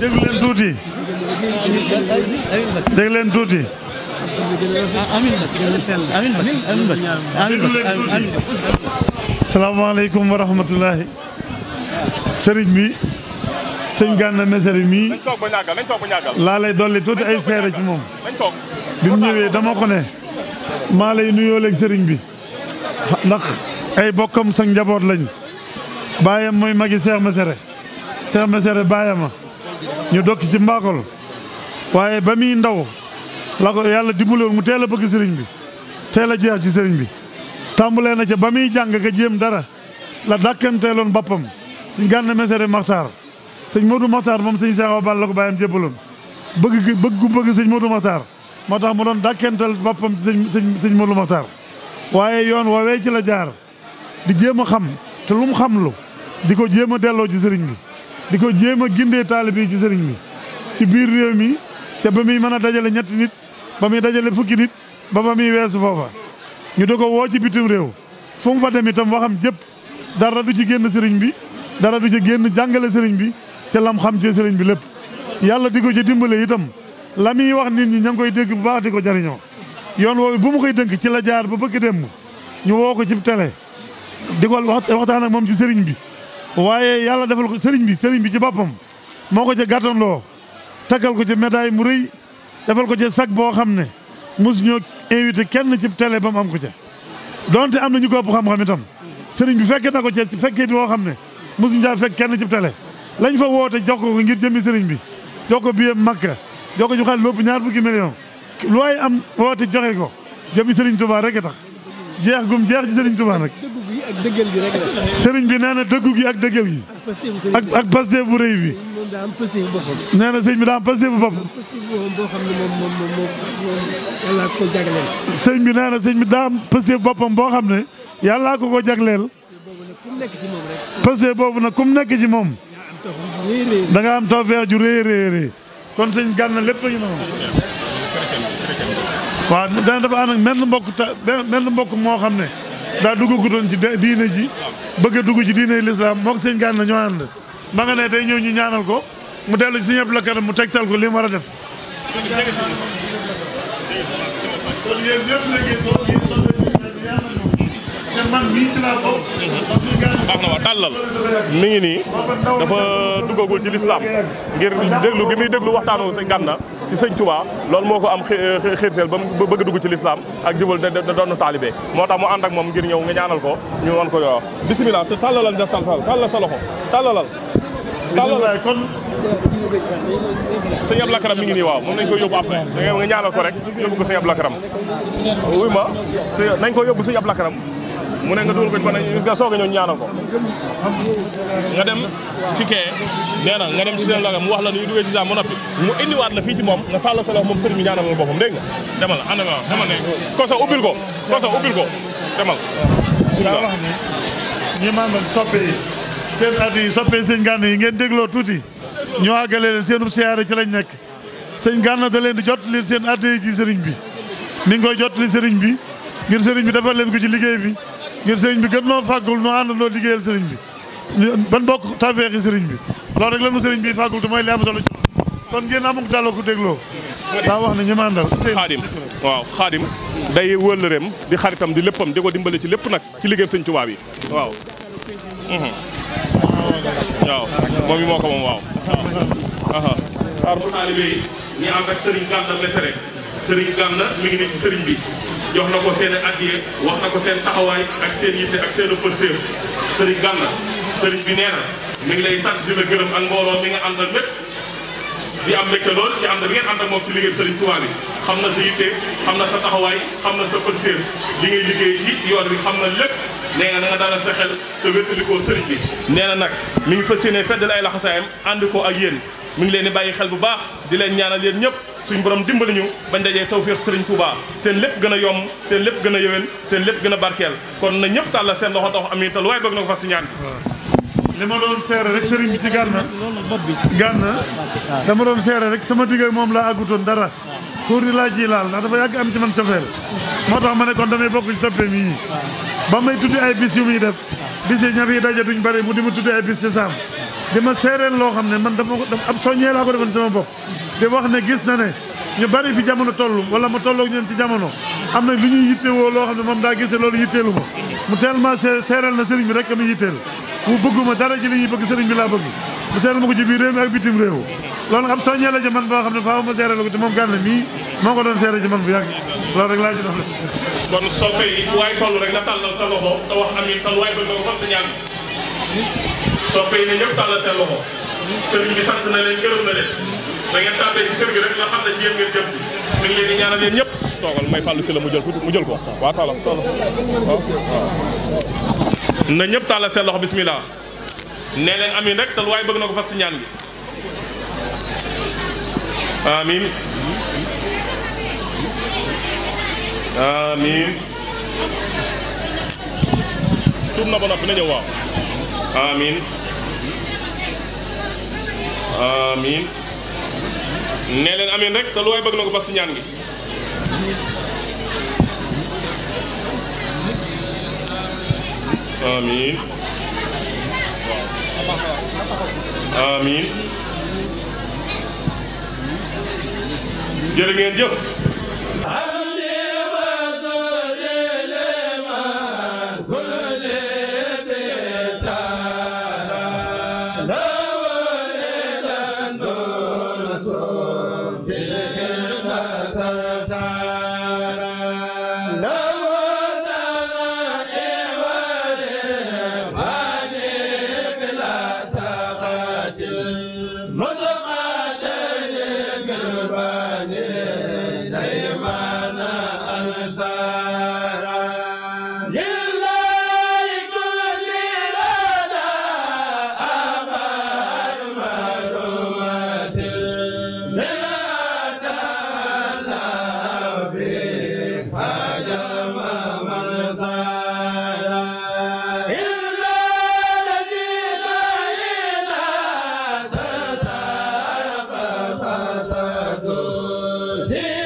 bi dégg leen tuuti dégg leen tuuti wa rahmatulahi sëriñ bi sëñ Gana Messere mii laa lay dolli tuuti ay seere ci moom bi ñëwee dama ko ne maa lay sëriñ bi ndax ay bokkam sa njaboot lañ baayam mooy magi Cheikh Mesere Cheikh Mesere baayama ñu dokk ci mbaakol waaye ba muy ndaw la ko yàlla dimbali woon mu teel a bëgg sëriñ bi teel a jeex ci sëriñ bi tàmbalee na ca ba muy jàng ka jéem dara la dàkkanteeloon boppam suñ gànn Mesere Maxtaar sëñ Modou Maxtaar moom sëñ Cheikh Obal la ko baayam jébbaloon bëgg bëggu bëgg sëñ Modou Maxtaar moo tax mu doon dàkkantal boppam sëñ sëñ sëñ Modou Maxtaar waaye yoon woowee ci la jaar di jéem a xam te lu mu di ko jéem a delloo ci sëriñ bi di ko jéem a gindee taalibe yi ci sëriñ bi ci biir réew mi te ba mii mën a dajale ñetti nit ba muy dajale fukki nit ba ba muy weesu foofa ñu di ko woo ci bitim réew fu mu fa dem itam xam jëpp dara du ci génn sëriñ bi dara du ci génn jàngale sëriñ bi te lam xam ci sëriñ bi lépp yàlla di ko ci dimbale itam la muy wax nit ñi ña ngi koy dégg bu baax di ko jariñoo yoon woowu bu mu koy dënk ci la jaar ba bëgg dem ñu woo ko ci télé di ko waxtaan moom ci sëriñ bi waaye yàlla defal ko sëriñ bi sëriñ bi ci boppam moo ko ca gàttandoo takkal ko ce médaille mu rëy defal ko ci sak boo xam ne mos ñoo invité kenn ci télé ba mu am ko ce donte am na ñu ko ëpp xam-xam itam sëriñ bi fekke na ko ca fekkee boo xam ne mosuñ daa fekk kenn ci télé lañ fa woote jox ko ngir jëmmi sëriñ bi jox ko biye makka jox ko ñu xal lépp ñaar fukki million looy am woote joxe ko jëmmi sëriñ Tuubaa rek tax jeex gum jeex ci sëriñ Tuubaa nag. gi ak dëggal rek la. bi nee na dëggu gi ak dëggal gi. ak ak pasteef bu rëy bi. nee na sëriñ bi daa am pasteef bu boppam. sëriñ bi nee na sëriñ bi daa am pasteef boppam boo xam ne yàllaa ko ko jagleel. pasteef boobu na ku mu nekk ci moom. danga nga am tawfeex ju rëy a kon sëñ gànna lépp la ñu waaw dana dafa ànd ak mbokk ta mel mbokk moo xam ne daa duggagutoon ci diine ji bëgg a dugg ci diine lislaam moog sëñ Gana ñoo ànd ba nga ne day ñëw ñi ñaanal ko mu dellu ci ñëpp la kanam mu tegtal ko li mu war a def baax na waa tàllal mi ngi nii dafa duggagul ci lislaam ngir déglu gi muy déglu waxtaanu si Gana ci sëñ Tuubaa loolu moo ko am eh, xiirteel ba mu bëgg dugg ci lislaam ak jubal da doon taalibe moo tax mu ànd ak moom ngir ñëw nga ñaanal ko ñu wan ko yoo bisimilah te tàllalal def tàllal tàllal sa loxo tàllalal tàllalal kon sëñ Abdou Lakram mi ngi nii waaw moom nañ koy yóbbu après da nga ñaanal ko rek yóbbu ko sëñ Abdou Lakram wuy ma nañ ko yóbbu sëñ Abdou Lakram mu ne nga dugal ko bana nga a ñëw ñaanal ko nga dem ci kee nee na nga dem ci seen lagam mu wax la nuy duggee ci islam ba noppi mu indiwaat la fii ci moom nga tàllal sa loxo moom sëriñ bi ñaanal la boppam dégg nga demal ànd nga demal ne kosa ubbil ko kosa ubbil ko demal daa wax ni ñi maanaam soppe yi seen at yi soppe sëñ Gana yi ngeen dégloo tuuti ñu àggale leen seenub siyaare ci lañ nekk sëñ Gana da leen di jot leen seen at yi ci sëriñ bi ni nga koy jot bi ngir sëriñ bi defal leen ko ci liggéey bi ngir sëriñ bi gën noo fàggul noo àndandoo liggéeyal sëriñ bi ban bokk tawfeexi sëriñ bi loolu rek la nu sëriñ bi fàggul te mooy li am solo ci kon ngeen ko dégloo daa wax ne ñi ma àndal xaadim waaw xaadim di xaritam di léppam di ko dimbale ci lépp nag ci liggéey sëñ Tuubaa bi waaw mhm. waaw moom yi moo ko moom sëriñ Gana Messere sëriñ Gana mi ne sëriñ bi jox na ko seen i addiye wax na ko seen taxawaay ak seen yitte ak seen pëstéer sëriñ gànna sëriñ bi nee na ngi lay sant di la gërëm ak mbooloo mi nga àndal lépp di am mbégte lool ci ànd bi ngeen ànd ak moom ci liggéey sëriñ Tuubaa bi xam na sa yitte xam na sa taxawaay xam na sa pëstéer li ngay liggéey ci yoon bi xam na lépp nee na na nga dalal sa xel te wéttalikoo sëriñ bi nee na nag mi ngi fas yéene feddal ay laxasaayam ànd ko ak yéen mi ngi leen di bàyyi xel bu baax di leen ñaanal yéen ñëpp suñ borom dimbali ñu bañ dajee tawféex sëriñ Touba seen lépp gën a yomb seen lépp gën a yëwén seen lépp gën a barkeel kon na ñëpp tàlla seen loxo tax am tal waaye bëgg na ko fas si ñaan li ma doon seere dama doon seere rek sama digg moom laa àggutoon dara pour di laa laal ndax dafa yàgg am ci man cofeel moo tax ma ne kon damay bokk ci soppeem yi ba may tuddi ay bis yu muy def bis yi daje duñ bëri mu di ma tuddi ay bis ci dama seereel loo xam ne man dama ko ab soññee laa ko defoon sama bopp di wax ne gis na ne ñu bari fi jamono toll wala ma tolloog ñoom ci jamono am na lu ñuy woo loo xam ne moom daa gis ne loolu yitteelu ma mu tellement seereel na sëriñ bi rek mu yitteel bu bëgguma dara ci li ñuy bëgg sëriñ bi laa bëgg mu seereel ma ko ci biir réew mi ak bitim réew loolu ab soññee la boo xam ne faaw ma seereel ko te moom gànn mii moo ko doon seere ci man bu loolu rek laa ci dox kon soo koy rek nga tàllal sa loxo te wax so yi ne ñëpp tàllal seen loxo sëriñ bi sant na leen gërëm na leen da ngeen tàbbee ci kër gi rek nga xam ne ci yéen ngeen jëm si ñu ngi leen di ñaanal yéen ñëpp toogal may fàllu si mu jël tuuti mu jël na ñëpp tàllal seen loxo bismillah nee leen amin rek te lu waaye bëgg na ko fas ci ñaan gi amin amin tur na ba na ñëw amin amin nee leen amin rek te lu waay bëgg na ko bas si ñaan gi amin amin jërë ngeen jëf tilka day.